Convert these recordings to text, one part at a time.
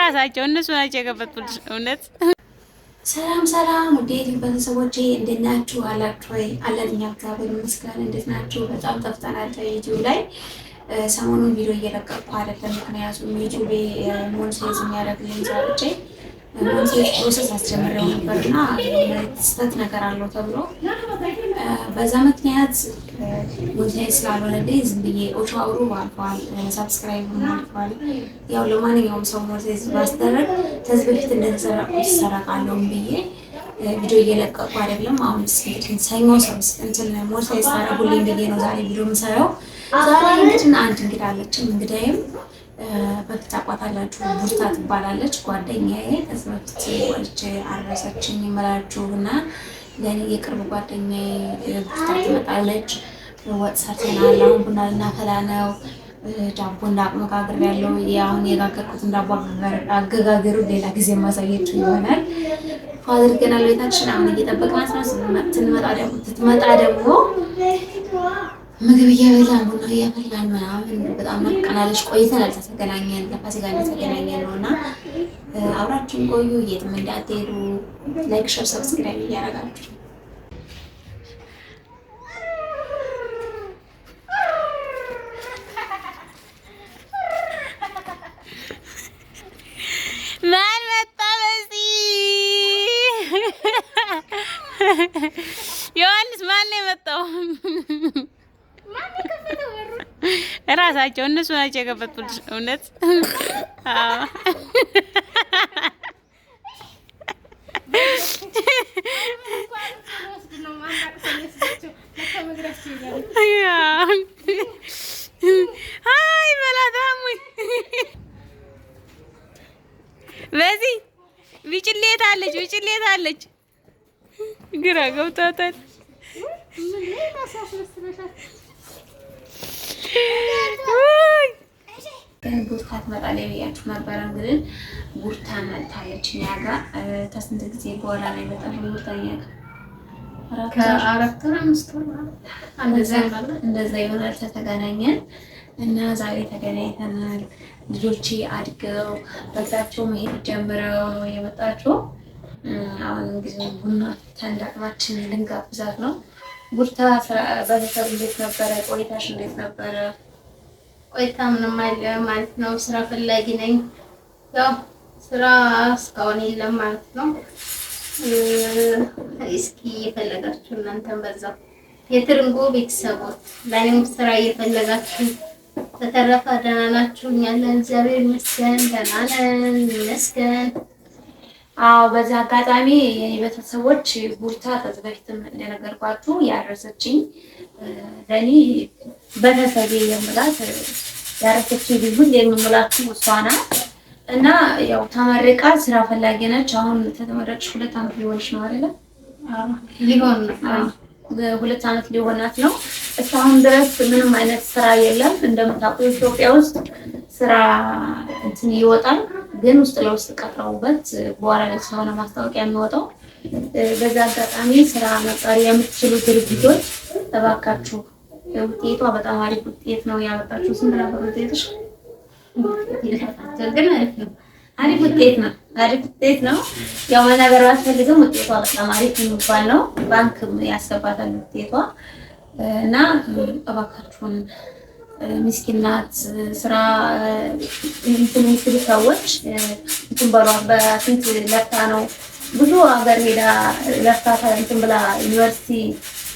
ራሳቸው እነሱ ናቸው የገበጡት። እውነት ሰላም ሰላም፣ ውዴት የዩቲዩብ ቤተሰቦቼ እንዴት ናችሁ? አላችሁ ወይ? አለኝ አካባቢ መስክራን እንዴት ናችሁ? በጣም ጠፍተናል ዩቲዩብ ላይ ሰሞኑን ቪዲዮ እየለቀቅኩ አይደለም። ምክንያቱም ዩቲዩብ ሞንሴዝ የሚያደርግልኝ ዛርቼ ሞንሴዝ ፕሮሰስ አስጀምረው ነበርና ስህተት ነገር አለው ተብሎ በዛ ምክንያት ሙዚላይ ስላልሆነልኝ ዝም ብዬ ኦቻውሩ አውሩ አልፏል፣ ሳብስክራይብ አልፏል። ያው ለማንኛውም ሰው ሞርቴዝ ማስደረግ ከዚህ በፊት እንደተሰራቁ ይሰራቃለሁም ብዬ ቪዲዮ እየለቀቁ አይደለም። አሁን ስንትን ሰኞ ሰብስ እንትን ሞርታይዝ አደረጉልኝ ብዬ ነው ዛሬ ቪዲዮ የምሰራው። ዛሬ እንግዲህ አንድ እንግዳ አለችም። እንግዳይም በፊት አቋታላችሁ ቡርታ ትባላለች ጓደኛዬ። ከዚህ በፊት ወልቼ አረሰችኝ ይመላችሁ እና ለእኔ የቅርብ ጓደኛዬ ብርታ ትመጣለች። ወጥ ሰርተናል። አሁን ቡና ልናፈላ ነው። ዳቦ እንዳመጋገር ያለው አሁን የጋገርኩትን ዳቦ አገጋገሩ ሌላ ጊዜ ማሳየት ይሆናል። አድርገናል። ቤታችን አሁን እየጠበቅናት ነው። ትመጣ ደግሞ ምግብ እየበላን ቡና እየበላን ምናምን በጣም ቀናለች። ቆይተን አልተገናኘን ለፋሲካ እንደተገናኘ ነው እና አብራችን ቆዩ። የትም እንዳትሄዱ ላይክ፣ ሸር፣ ሰብስክራይብ እያረጋችሁ ራሳቸው እነሱ ናቸው የገበጡት። እውነት አይ በላታሙ በዚህ ቢጭሌት አለች ቢጭሌት አለች። ግራ ገብቷታል። ቡርታ ትመጣለች ብያችሁ ነበረ። እንግዲህ ቡርታ መጥታለች እኛ ጋር። ከስንት ጊዜ በኋላ ነው የመጣችው ቡርታ እኛ ጋር ከአራት ወር አምስት ወር እንደዛ ይሆናል ተተገናኘን እና ዛሬ ተገናኝተናል። ልጆቼ አድገው በዛቸው መሄድ ጀምረው የመጣቸው አሁን እንግዲህ ቡና ተንዳቅማችን ልንጋብዛት ነው። ቡርታ በቤተሰብ እንዴት ነበረ ቆይታሽ? እንዴት ነበረ? ቆይታ ምንም አለ ማለት ነው። ስራ ፈላጊ ነኝ። ያው ስራ እስካሁን የለም ማለት ነው። እስኪ እየፈለጋችሁ እናንተን በዛው የትርንጎ ቤተሰቦች ለእኔም ስራ እየፈለጋችሁ በተረፈ ደህና ናችሁ? እኛ አለን፣ እግዚአብሔር ይመስገን ደህና ነን ይመስገን። አዎ በዚህ አጋጣሚ የኔ ቤተሰቦች ቡርታ ከዚህ በፊትም እንደነገርኳችሁ ያረሰችኝ ለእኔ በተሰቤ የምላት ያረሰች ልዩ የምሙላችሁ እሷ ናት እና ያው ተመርቃ ስራ ፈላጊ ነች። አሁን ተመረቅሽ ሁለት ዓመት ሊሆንሽ ነው አይደለ? ሊሆን ሁለት ዓመት ሊሆናት ነው። እስካሁን ድረስ ምንም አይነት ስራ የለም። እንደምታውቁ ኢትዮጵያ ውስጥ ስራ እንትን ይወጣል ግን ውስጥ ለውስጥ ቀጥረውበት በኋላ ላይ ስለሆነ ማስታወቂያ የሚወጣው። በዛ አጋጣሚ ስራ መጣሪ የምትችሉ ድርጅቶች እባካችሁ ውጤቷ በጣም አሪፍ ውጤት ነው ያመጣችሁ። ስንት ነበር ግን አሪፍ ውጤት ነው፣ አሪፍ ውጤት ነው። ያው መናገር ባስፈልግም ውጤቷ በጣም አሪፍ የሚባል ነው። ባንክ ያስገባታል ውጤቷ እና እባካችሁን ምስኪናት ስራ የሚስሉ ሰዎች እንትን በሏ በፊት ለፍታ ነው ብዙ ሀገር ሄዳ ለፍታ እንትን ብላ ዩኒቨርሲቲ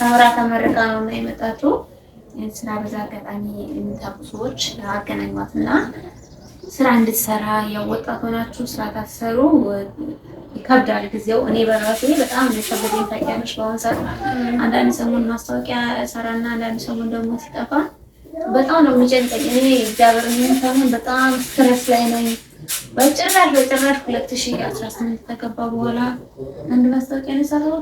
ተምራ ተመርቃ ነው እና የመጣችው ስራ። በዛ አጋጣሚ የሚታቁ ሰዎች አገናኟት እና ስራ እንድትሰራ ያው ወጣት ሆናችሁ ስራ ታሰሩ ይከብዳል ጊዜው። እኔ በራሴ በጣም እንደከበደኝ ታውቂያለሽ። በአሁን ሰዓት አንዳንድ ሰሞን ማስታወቂያ ሰራና አንዳንድ ሰሞን ደግሞ ሲጠፋ በጣም ነው የሚጨንቀኝ። እኔ እግዚአብሔር ይመስገን በጣም ስትረስ ላይ ነኝ። በጭራሽ በጭራሽ ሁለት ሺ አስራ ስምንት ተገባ በኋላ አንድ ማስታወቂያ ነው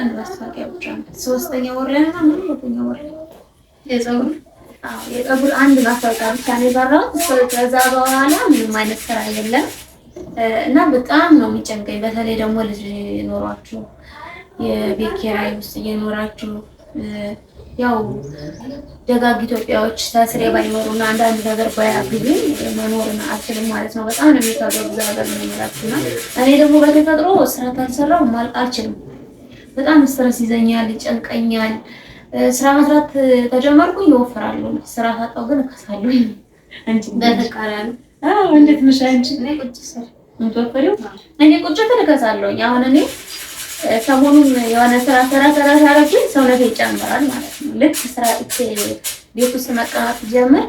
አንድ ማስታወቂያ ብቻ ሶስተኛ ወር ላይ ነው ሁለተኛ ወር የጸጉር የጸጉር አንድ ማስታወቂያ ብቻ ነው የሰራሁት። ከዛ በኋላ ምንም አይነት ስራ የለም እና በጣም ነው የሚጨንቀኝ። በተለይ ደግሞ ልጅ ኖሯችሁ የቤት ኪራይ ውስጥ እየኖራችሁ ያው ደጋግ ኢትዮጵያዎች ተስሬ ባይኖሩና አንዳንድ ነገር ባያግዙኝ መኖርን አልችልም ማለት ነው። በጣም የሚታገሩ ዛገር ነው የሚላችሁና እኔ ደግሞ በተፈጥሮ ስራ ካልሰራው ማልቅ አልችልም። በጣም ስትረስ ይዘኛል፣ ይጨንቀኛል። ስራ መስራት ተጀመርኩኝ ይወፍራሉ፣ ስራ ሳጣው ግን እከሳለሁ። በተቃራኒ እንዴት ነሽ አንቺ? እኔ ቁጭ ስል እኔ ቁጭ ትልከሳለሁኝ አሁን እኔ ሰሞኑን የሆነ ስራ ስራ ስራ ሳረግ ሰውነት ይጨምራል ማለት ነው። ልክ ስራ ቤት ውስጥ መቀመጥ ጀምር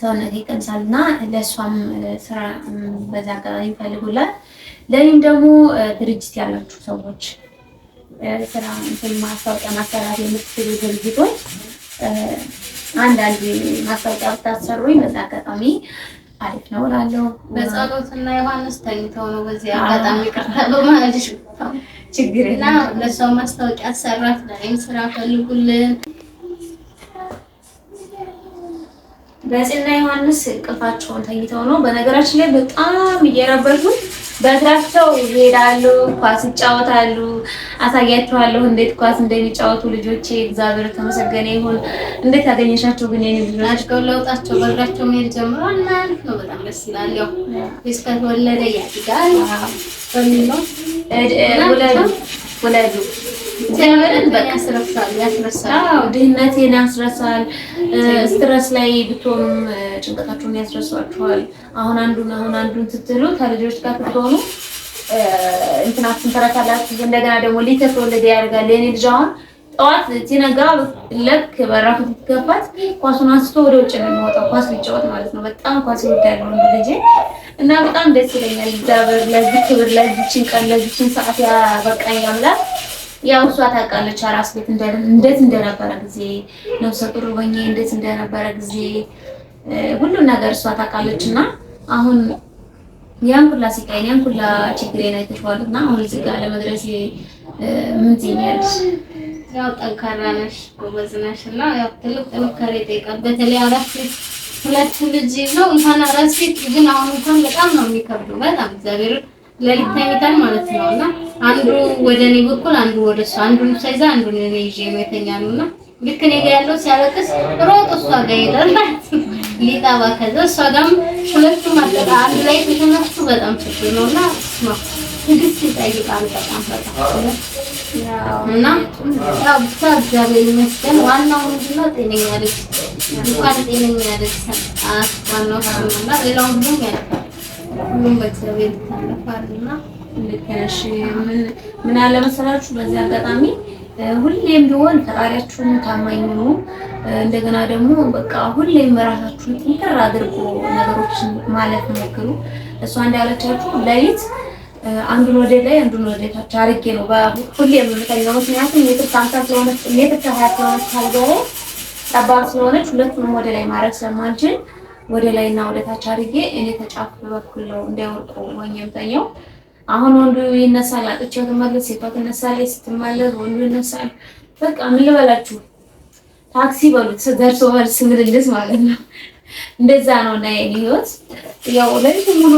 ሰውነት ይቀንሳል እና ለእሷም ስራ በዛ አጋጣሚ ይፈልጉላል። ለእኔም ደግሞ ድርጅት ያላችሁ ሰዎች ስራ ማስታወቂያ ማሰራት የምትችሉ ድርጅቶች አንዳንድ ማስታወቂያ ብታሰሩኝ በዛ አጋጣሚ አሪፍ ነው እላለሁ። እና ዮሐንስ ተኝተው ነው። በዚህ አጋጣሚ ይቅርታ በማለትሽ ችግርና ለሰው ማስታወቂያ ሰራት ለእኔም ስራ ፈልጉልን። በጽና ዮሐንስ እንቅልፋቸውን ተኝተው ነው። በነገራችን ላይ በጣም እየረበሹ በእግራቸው ይሄዳሉ፣ ኳስ ይጫወታሉ። አሳያችኋለሁ እንዴት ኳስ እንደሚጫወቱ ልጆቼ። እግዚአብሔር ተመሰገነ ይሁን። እንዴት ያገኘሻቸው ግን የኔ ልጆች አድገው ለውጣቸው በእግራቸው መሄድ ጀምሯል። አሪፍ ነው፣ በጣም ደስ ይላል። ያው እስከተወለደ ያድጋል በሚል ነው ውለዱ እግዚአብሔርን በቃ ስረፍሻል፣ ያስረሳል። አዎ ድህነቴን ያስረሳል። ስትረስ ላይ ብትሆኑም ጭንቀታችሁን ያስረሳችኋል። አሁን አንዱን አሁን አንዱን ስትሉ ከልጆች ጋር ብትሆኑ እንትናችን ተረታላችሁ። እንደገና ደግሞ ልጅ ተወለደ ያደርጋል። የኔ ልጅ አሁን ጠዋት ሲነጋ ለክ በራፉ ትከፋት ኳሱን አንስቶ ወደ ውጭ ነው የሚወጣው፣ ኳስ ሊጫወት ማለት ነው። በጣም ኳስ ይወዳል ወንድ ልጄ እና በጣም ደስ ይለኛል። እግዚአብሔር ለዚህ ክብር ለዚችን ቀን ለዚችን ሰዓት ያበቃኝ አምላክ ያው እሷ ታውቃለች አራስ ቤት እንዴት እንደነበረ ጊዜ ነው ጡር ወኝ እንዴት እንደነበረ ጊዜ ሁሉም ነገር እሷ ታውቃለች። እና አሁን ያን ሁላ ስቃይ ያን ሁላ ችግሬን አይተሽዋል። እና አሁን እዚህ ጋር ለመድረስ ምን ትይኛለሽ? ያው ጠንካራ ነሽ፣ ጎበዝ ነሽ እና ያው ትልቅ ጥንካሬ ይጠይቃል። በተለይ አራስ ቤት ሁለት ልጅ ነው እንኳን አራስ ቤት ግን አሁን እንኳን በጣም ነው የሚከብዱ። በጣም እግዚአብሔር ለሊት ተኝተን ማለት ነው እና አንዱ ወደ እኔ በኩል አንዱ ወደ እሱ አንዱን ሳይዛ አንዱ እኔ ይዤ መተኛ ነው እና ልክ እኔ ጋር ያለው ሲያለቅስ ሮጥ እሷ ጋር ይሄዳል ሊጠባ። ከዛ እሷ ጋም ሁለቱም አጠቃ አንድ ላይ ተተነሱ። በጣም ችግር ነው እና ስማ ትግስት ይጠይቃል በጣም በጣም እና ያው ብቻ እግዚአብሔር ይመስገን። ዋናው ምንድነው ጤነኛ ልጅ እንኳን ጤነኛ ልጅ ሰጣት። ዋናው ሌላውን ሁሉም ያልፋል። ሁሉም በእግዚአብሔር ይታለፋልና ልክ ነሽ። ምን አለ መሰላችሁ፣ በዚህ አጋጣሚ ሁሌም ቢሆን ፈጣሪያችሁን ታማኝ ሁኑ። እንደገና ደግሞ በቃ ሁሌም ራሳችሁን ጥንቅር አድርጎ ነገሮችን ማለት ሞክሩ። እሷ እንዳለቻችሁ ለሊት አንዱን ወደ ላይ አንዱን ወደ ታች አድርጌ ነው ሁሌም የምተኛው። ምክንያቱም ሜትር ስለሆነች ሜትር ስለሆነች ካልጋ ጠባብ ስለሆነች ሁለቱንም ወደ ላይ ማድረግ ስለማንችል ወደ ላይ እና ወደ ታች አድርጌ እኔ ተጫፍ በኩል ነው እንዳይወርቁ ሆኜ የምተኛው። አሁን ወንዱ ይነሳል፣ አጥቻው ትመለስ፣ ሴቷ ትነሳለች፣ ስትመለስ ወንዱ ይነሳል። በቃ ምን ልበላችሁ ታክሲ በሉት ደርሶ መልስ ምልልስ ማለት ነው። እንደዛ ነው እና የኔ ህይወት ያው ለሊት ሙሉ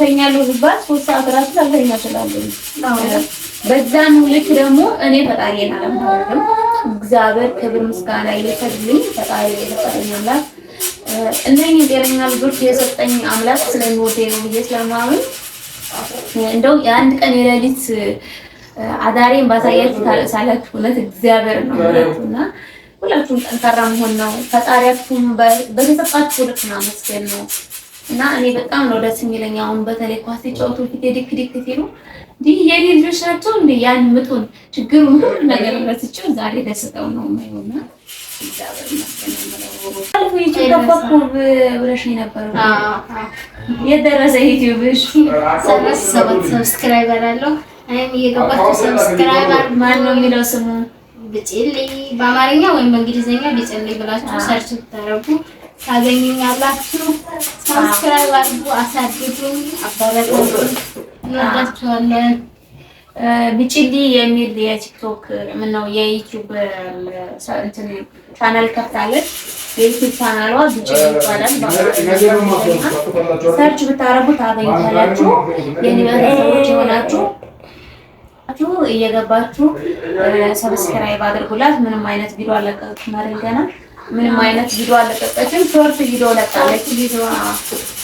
ተኛለሁ ብባል ሶስት ሰዓት ራሱ ላልተኛ እችላለሁ። በዛን ልክ ደግሞ እኔ ፈጣሪን አላምንም። እግዚአብሔር ክብር ምስጋና ይፈልኝ ፈጣሪ የፈጠረኝ አምላክ እነኝህ ጤነኛ ልጆች የሰጠኝ አምላክ ስለሚወደኝ ነው ብዬ ስለማምን እንደው የአንድ ቀን የሌሊት አዳሬን ባሳያችሁ ታለቅሳላችሁ። እውነት እግዚአብሔር ነው እና ሁላችሁም ጠንካራ መሆን ነው። ፈጣሪያችሁም በተሰጣችሁ ልክ ማመስገን ነው እና እኔ በጣም ነው ደስ የሚለኝ። አሁን በተለይ ኳስ ሲጫወቱ ፊቴ ዲክ ዲክ ሲሉ እንዲህ የኔ ልጆች ናቸው እንደ ያን ምጡን ችግሩን ሁሉ ነገር ረስቼው ዛሬ ደስተው ነው የማየውና የደረሰ ዩቲዩብ ሰባት ሰባት ሰብስክራይበር አለው። እኔም እየገባችሁ ሰብስክራይበር ማን ነው የሚለው ስሙ ብጭልኝ በአማርኛ ወይም በእንግሊዝኛ ብጭልኝ ብላችሁ ሰርች ብታረጉ ታገኙኛላችሁ። ሰብስክራይብ አድርጉ፣ አሳድጉኝ፣ አበረታቱኝ። እንወዳችኋለን። ቢችሊ የሚል የቲክቶክ ምነው የዩቲዩብ እንትን ቻናል ከፍታለች። የዩቲዩብ ቻናሏ ቢችሊ ይባላል። ሰርች ብታረጉ ታገኝታላችሁ። የኔ ቤተሰቦች የሆናችሁ እየገባችሁ ሰብስክራይብ አድርጉላት። ምንም አይነት ቪዲዮ አለቀቅም አይደል ምንም አይነት ቪዲዮ አለቀቀችም። ሾርት ቪዲዮ ለቃለች።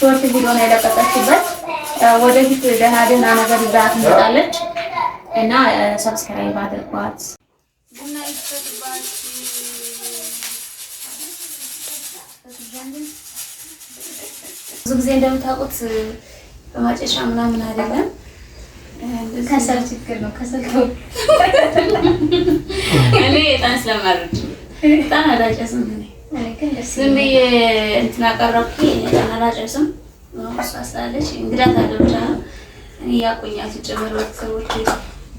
ሾርት ቪዲዮ ነው የለቀቀችበት። ወደፊት ደህና ደህና ነገር ይዛት እንመጣለች። እና ሰብስክራይብ አድርጓት። ብዙ ጊዜ እንደምታውቁት በማጨሻ ምናምን አይደለም ከሰል ችግር ነው። ከሰል እኔ በጣም አላጨስም። ዝም ብዬ እንትን አቀረብኩኝ። አላጨስም እሷ ስላለች እንግዳ ታደብቻ እኔ ያቆኛት ጭምር ቤተሰቦች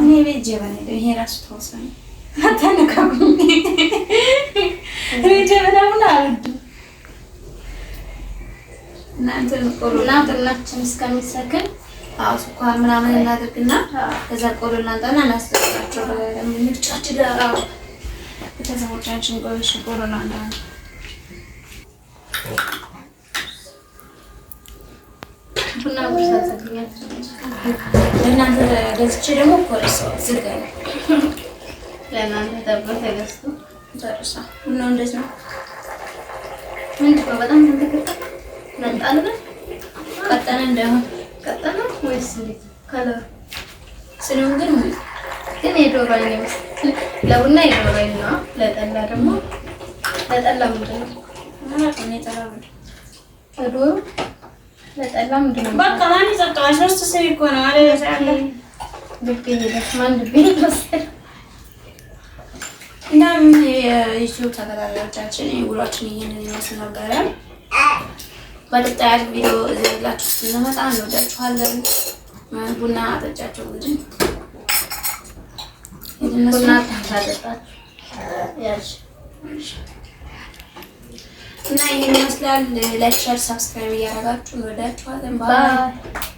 እኔ ቤት ጀበና የለም። ይሄ ራሱ ተወሰነ አታነካኩኝ። እኔ ጀበና ምን አልወድም። እናንተ ቆሎና ጥናችን እስከሚሰክን ስኳር ምናምን እናድርግና ከዛ ቆሎና ጠና እናስገባቸው ምርጫችን ቤተሰቦቻችን ቆሎና እንዳለ ለእናንተ ገዝቼ ደግሞ ዝገና ለእናንተ ተብሎ ተገዝቶ ደርሳ እና እንደዚህ ነው። ምንድን ነው በጣም ቀጠነ እንዳይሆን ቀጠነ ወይስ ከለሩ ስለው ግን ግን የዶሮ አይነት ይመስል ለቡና የዶሮ አይነት ነው። ለጠላ ደግሞ ለጠላ ምንድን ነው? እናም የዩቲዩብ ተከታታዮቻችን ውሏችን ይህንን ይመስል ነበረ። እንወዳችኋለን። ቡና አጠጫቸው እንግዲህ እና ይህን ይመስላል። ላይክ፣ ሸር፣ ሰብስክራይብ እያደረጋችሁ እንወዳችኋለን። ባይ